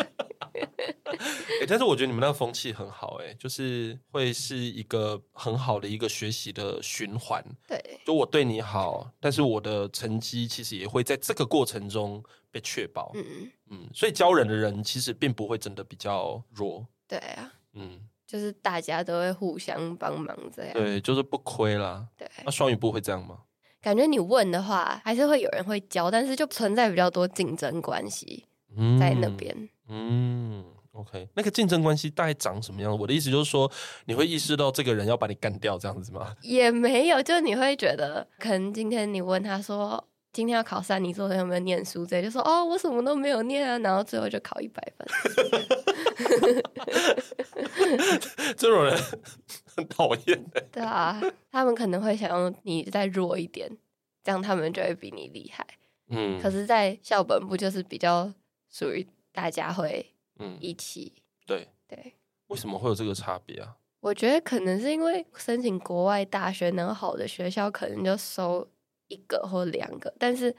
欸、但是我覺得你們那個風氣很好，欸，哎，就是會是一個很好的一個學習的循環。對，就我對你好，但是我的成績其實也會在這個過程中被確保。嗯嗯，所以教人的人其實並不會真的比較弱。對啊，嗯，就是大家都會互相幫忙這樣。對，就是不虧啦。對，那、啊、雙語部會這樣嗎？感覺你問的話，還是會有人會教，但是就存在比較多競爭關係。嗯、在那邊，嗯，OK，那個競爭關係大概長什麼樣子？我的意思就是說，你會意識到這個人要把你幹掉這樣子嗎？也沒有，就你會覺得，可能今天你問他說，今天要考三，你做的有沒有唸書？這就說，哦，我什麼都沒有念啊，然後最後就考一百分之類。 這種人很討厭的。對啊，他們可能會想用你再弱一點，這樣他們就會比你厲害。嗯，可是，在校本部就是比較。所以大家會一起、嗯、對對，為什麼會有這個差別啊？我覺得可能是因為申請國外大學，能好的學校可能就收一個或兩個，但是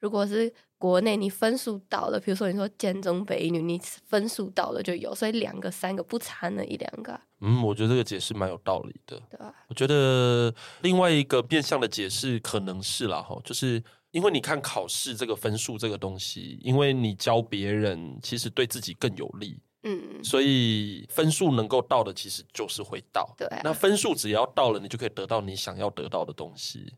如果是國內，你分數到了，比如說你說建中北一女，你分數到了就有，所以兩個三個不差那一兩個、啊。嗯，我覺得這個解釋蠻有道理的。對、啊、我覺得另外一個變相的解釋可能是啦。哈，就是。因為你看考試這個分數這個東西，因為你教別人，其實對自己更有利。嗯，所以分數能夠到的，其實就是會到對、啊。那分數只要到了，你就可以得到你想要得到的東西。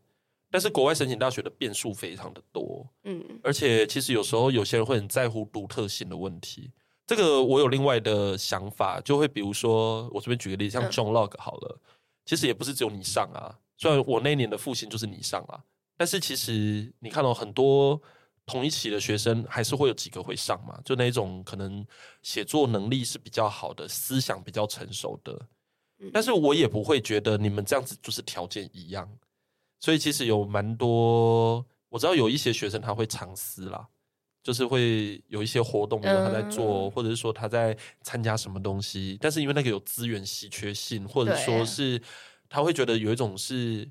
但是國外申請大學的變數非常的多，嗯，而且其實有時候有些人會很在乎獨特性的問題。這個我有另外的想法，就會比如說，我這邊舉個例，像 John Locke 好了、嗯，其實也不是只有你上啊。雖然我那一年的復習就是你上啊。但是其實你看到、哦、很多同一期的學生，還是會有幾個會上嘛，就那種可能寫作能力是比較好的，思想比較成熟的、嗯。但是我也不會覺得你們這樣子就是條件一樣，所以其實有蠻多我知道有一些學生他會藏私啦，就是會有一些活動他在做、嗯，或者是說他在參加什麼東西，但是因為那個有資源稀缺性，或者說是他會覺得有一種是。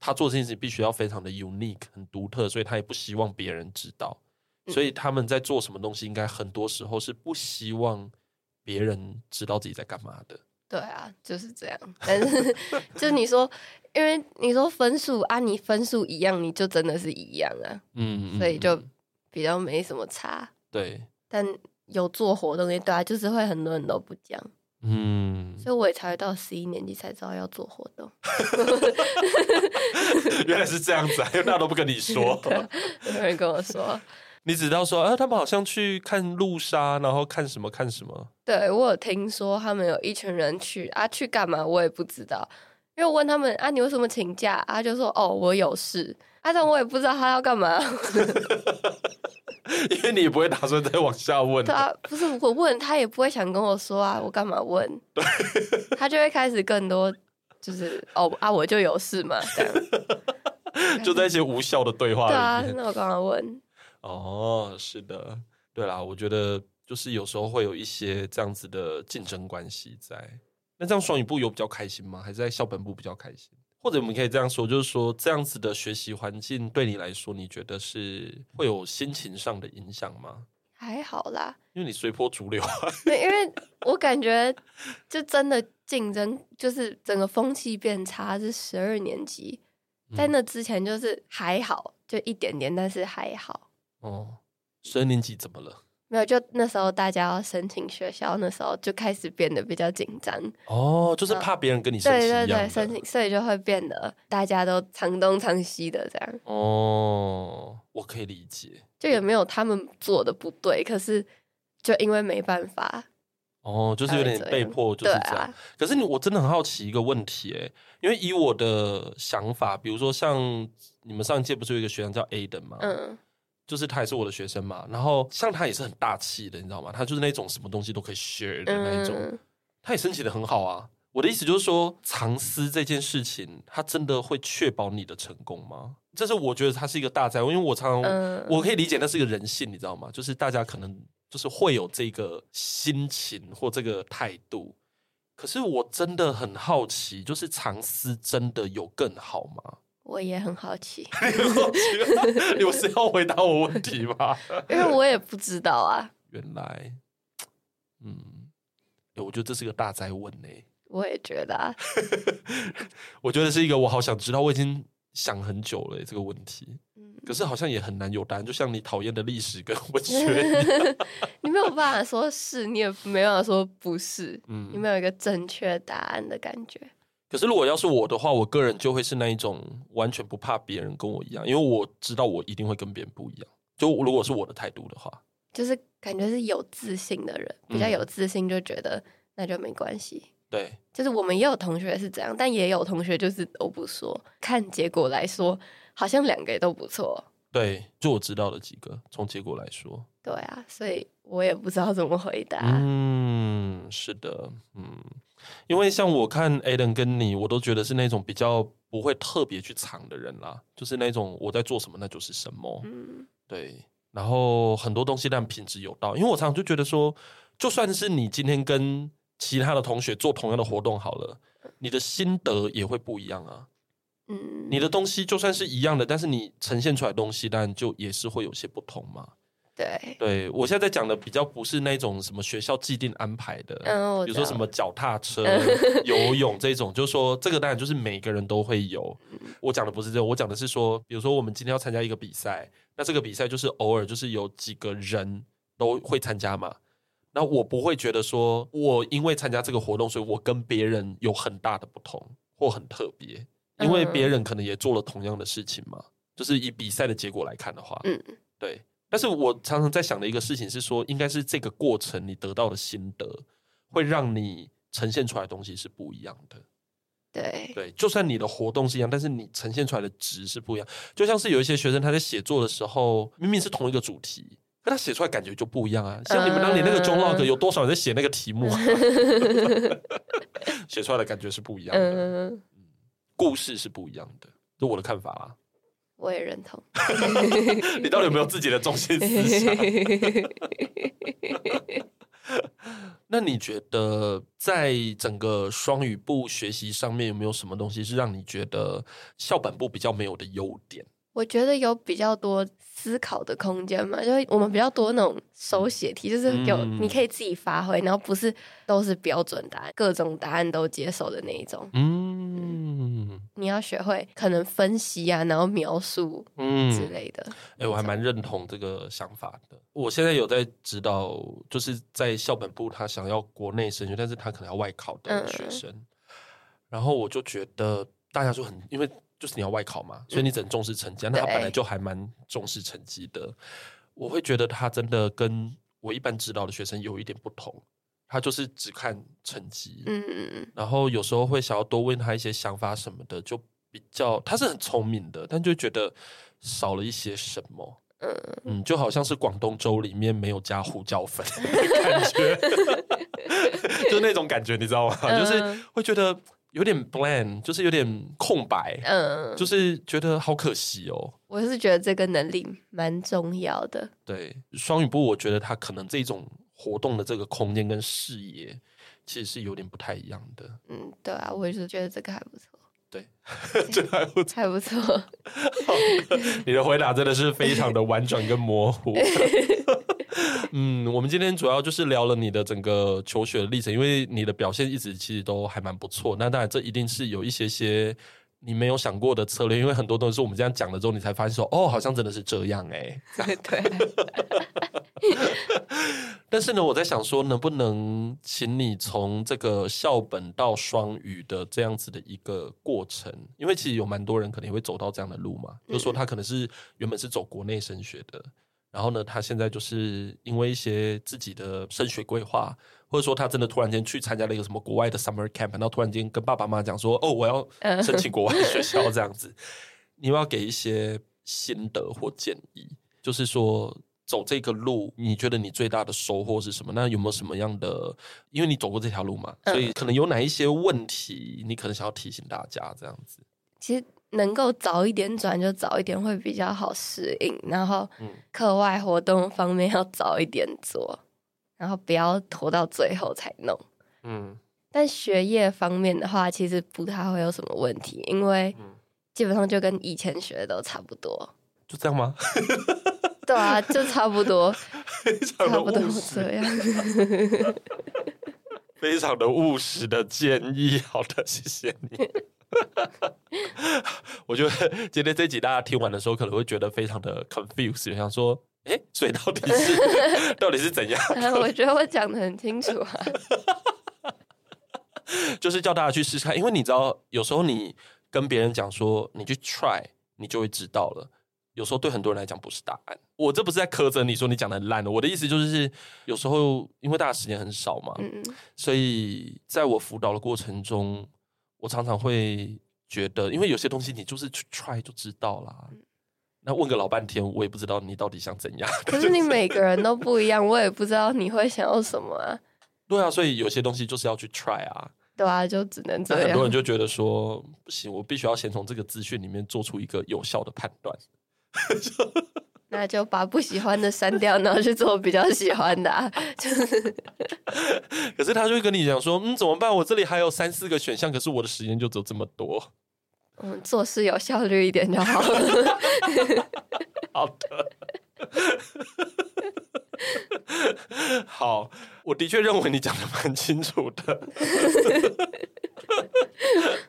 他做這件事情必須要非常的 unique，很獨特，所以他也不希望別人知道。所以他們在做什麼東西，應該很多時候是不希望別人知道自己在幹嘛的。對啊，就是這樣。但是 就你說，因為你說分數啊，你分數一樣，你就真的是一樣啊。嗯，所以就比較沒什麼差。對，但有做活動也對啊，就是會很多人都不講。嗯，所以我也才到十一年級才知道要做活動， 原來是這樣子啊！因為大家都不跟你說 ，有人跟我說，你知道說啊，他們好像去看露沙，然後看什麼看什麼。對，我有聽說他們有一群人去啊，去幹嘛我也不知道，因為我問他們啊，你為什麼請假？他、啊、就說哦，我有事。但我也不知道他要幹嘛， 因為你也不會打算再往下問。 他，不是我問他，也不會想跟我說啊，我幹嘛問？對， 他就會開始更多，就是哦啊，我就有事嘛，這樣。 就在一些無效的對話裡面 對啊，那我剛剛問。哦，是的，對啦，我覺得就是有時候會有一些這樣子的競爭關係在。那這樣雙語部有比較開心嗎？還是在校本部比較開心？或者我們可以這樣說，就是說這樣子的學習環境對你來說，你覺得是會有心情上的影響嗎？還好啦，因為你隨波逐流啊。因為我感覺就真的競爭，就是整個風氣變差。是十二年級， 在那之前就是還好，就一點點，但是還好。哦，十二年級怎麼了？沒有，就那時候大家要申請學校，那時候就開始變得比較緊張。哦，就是怕別人跟你申請、嗯、對，對，對申請，所以就會變得大家都藏東藏西的這樣。哦，我可以理解。就也沒有他們做的不對，可是就因為沒辦法。哦，就是有點被迫就是這樣。啊、可是你我真的很好奇一個問題、欸，哎，因為以我的想法，比如說像你們上一屆不是有一個學生叫 A 登嗎？嗯。就是他也是我的學生嘛，然後像他也是很大氣的，你知道嗎？他就是那種什麼東西都可以 share 的那種、嗯，他也申請得很好啊。我的意思就是說，藏私這件事情，他真的會確保你的成功嗎？這是我覺得他是一個大哉，因為我常常、嗯、我可以理解那是一個人性，你知道嗎？就是大家可能就是會有這個心情或這個態度，可是我真的很好奇，就是藏私真的有更好嗎？我也很好奇，有 誰 要回答我問題嗎？因為我也不知道啊。原來，嗯、欸、我覺得這是一個大哉問呢、欸。我也覺得、啊， 我覺得是一個我好想知道，我已經想很久了、欸、這個問題、嗯。可是好像也很難有答案，就像你討厭的歷史跟文學， 你沒有辦法說是，你也沒有辦法說不是，嗯，你沒有一個正確答案的感覺。可是，如果要是我的話，我個人就會是那一種完全不怕別人跟我一樣，因為我知道我一定會跟別人不一樣。就如果是我的態度的話，就是感覺是有自信的人比較有自信，就覺得那就沒關係。對，嗯，就是我們也有同學是這樣，但也有同學就是都不說。看結果來說，好像兩個也都不錯。對，就我知道的幾個，從結果來說，對啊，所以我也不知道怎麼回答。嗯，是的，嗯，因為像我看艾倫跟你，我都覺得是那種比較不會特別去藏的人啦，就是那種我在做什麼那就是什麼。嗯，對，然後很多東西但品質有到，因為我常常就覺得說，就算是你今天跟其他的同學做同樣的活動好了，你的心得也會不一樣啊。嗯，你的東西就算是一樣的，但是你呈現出來的東西，當然就也是會有些不同嘛。對。對，我現在在講的比較不是那種什麼學校既定安排的，嗯、比如說什麼腳踏車、嗯、游泳這種， 就是說這個當然就是每個人都會有、嗯。我講的不是這個，我講的是說，比如說我們今天要參加一個比賽，那這個比賽就是偶爾就是有幾個人都會參加嘛。那我不會覺得說我因為參加這個活動，所以我跟別人有很大的不同或很特別。因為別人可能也做了同樣的事情嘛，就是以比賽的結果來看的話，嗯，對。但是我常常在想的一個事情是說，應該是這個過程你得到的心得，會讓你呈現出來的東西是不一樣的。對對，就算你的活動是一樣，但是你呈現出來的值是不一樣。就像是有一些學生他在寫作的時候，明明是同一個主題，但他寫出來的感覺就不一樣啊。像你們當年那個 John Locke，有多少人在寫那個題目，啊？嗯、 寫出來的感覺是不一樣的。嗯故事是不一樣的，是我的看法啦。我也認同。 你到底有沒有自己的中心思想？ 那你覺得，在整個雙語部學習上面，有沒有什麼東西是讓你覺得校本部比較沒有的優點？我覺得有比較多思考的空間嘛，就我們比較多那種手寫題，就是有、嗯、你可以自己發揮，然後不是都是標準答案，各種答案都接受的那一種。嗯，你要學會可能分析呀、啊，然後描述之類的。哎、嗯欸，我還蠻認同這個想法的。我現在有在指導，就是在校本部，他想要國內升學，但是他可能要外考的學生，嗯、然後我就覺得大家就很因為。就是你要外考嘛，所以你只能重視成績，嗯。那他本來就還蠻重視成績的。我會覺得他真的跟我一般指導的學生有一點不同，他就是只看成績。嗯嗯嗯。然後有時候會想要多問他一些想法什麼的，就比較他是很聰明的，但就覺得少了一些什麼。嗯嗯。就好像是廣東粥裡面沒有加胡椒粉的感覺， 就那種感覺，你知道嗎？嗯。就是會覺得。有點 blank，就是有點空白，嗯，就是覺得好可惜哦。我是覺得這個能力蠻重要的。對，雙語部我覺得他可能這種活動的這個空間跟視野，其實是有點不太一樣的。嗯，對啊，我也是覺得這個還不錯。對，這、okay, 還不錯，還不錯。好， 你的回答真的是非常的婉轉跟模糊。 嗯，我們今天主要就是聊了你的整個求學的歷程，因為你的表現一直其實都還蠻不錯。那當然，這一定是有一些些你沒有想過的策略，因為很多東西是我們這樣講了之後，你才發現說，哦，好像真的是這樣哎、欸。對對。但是呢，我在想說，能不能請你從這個校本到雙語的這樣子的一個過程，因為其實有蠻多人可能也會走到這樣的路嘛，嗯、就是、說他可能是原本是走國內升學的。然後呢，他現在就是因為一些自己的升學規劃，或者說他真的突然間去參加了一個什麼國外的 summer camp，然後突然間跟爸爸媽媽講說：“哦，我要申請國外學校。”這樣子， 你要給一些心得或建議，就是說走這個路，你覺得你最大的收穫是什麼？那有沒有什麼樣的，因為你走過這條路嘛， 所以可能有哪一些問題，你可能想要提醒大家這樣子。其實。能夠早一點轉就早一點，會比較好適應。然後，課外活動方面要早一點做，嗯、然後不要拖到最後才弄、嗯。但學業方面的話，其實不太會有什麼問題，因為基本上就跟以前學的都差不多。就這樣嗎？ 對啊，就差不多， 差不多這樣。 非常的務實的建議，好的，謝謝你。 我覺得今天這集大家聽完的時候，可能會覺得非常的 confused，想說，哎、欸，所以到底是， 到底是怎樣？ 我覺得我講的很清楚啊， 就是叫大家去試看，因為你知道，有時候你跟別人講說，你去 try，你就會知道了。有時候對很多人來講，不是答案。我這不是在苛責你說你講的很爛的，我的意思就是，有時候因為大家時間很少嘛、嗯，所以在我輔導的過程中。我常常會覺得，因為有些東西你就是去 try 就知道啦。嗯。那問個老半天，我也不知道你到底想怎樣。可是你每個人都不一樣， 我也不知道你會想要什麼啊。對啊，所以有些東西就是要去 try 啊。對啊，就只能這樣。很多人就覺得說，不行，我必須要先從這個資訊裡面做出一個有效的判斷。 那就把不喜歡的刪掉，然後去做比較喜歡的啊。 可是他就會跟你講說，嗯，怎麼辦？我這裡還有三四個選項，可是我的時間就只有這麼多。嗯，做事有效率一點就好了。 好的。 好，我的確認為你講得蠻清楚的。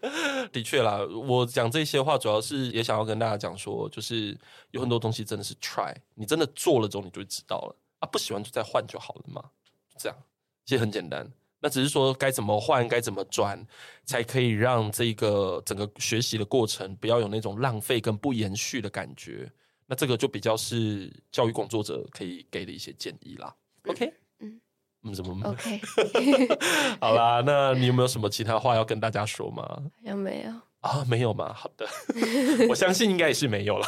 的確啦，我講這些話主要是也想要跟大家講說，就是有很多東西真的是 try，你真的做了之後你就會知道了啊，不喜歡就再換就好了嘛，這樣其實很簡單。那只是說該怎麼換、該怎麼轉，才可以讓這個整個學習的過程不要有那種浪費跟不延續的感覺。那這個就比較是教育工作者可以給的一些建議啦。OK。嗯，怎麼？OK， 好啦，那你有沒有什麼其他話要跟大家說嗎？有沒有啊？沒有嗎？好的， 我相信應該也是沒有了，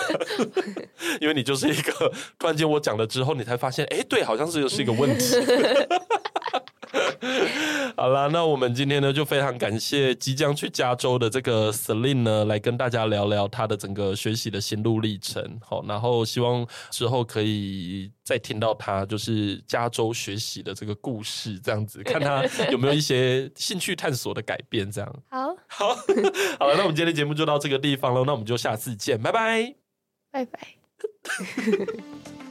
因為你就是一個突然間，我講了之後，你才發現，哎，對，好像是，是一個問題。 好啦，那我們今天呢，就非常感謝即將去加州的這個 Celine 呢，來跟大家聊聊他的整個學習的心路歷程。好、哦，然後希望之後可以再聽到他就是加州學習的這個故事，這樣子看他有沒有一些興趣探索的改變。這樣，好好好了，那我們今天的節目就到這個地方了，那我們就下次見，拜拜，拜拜。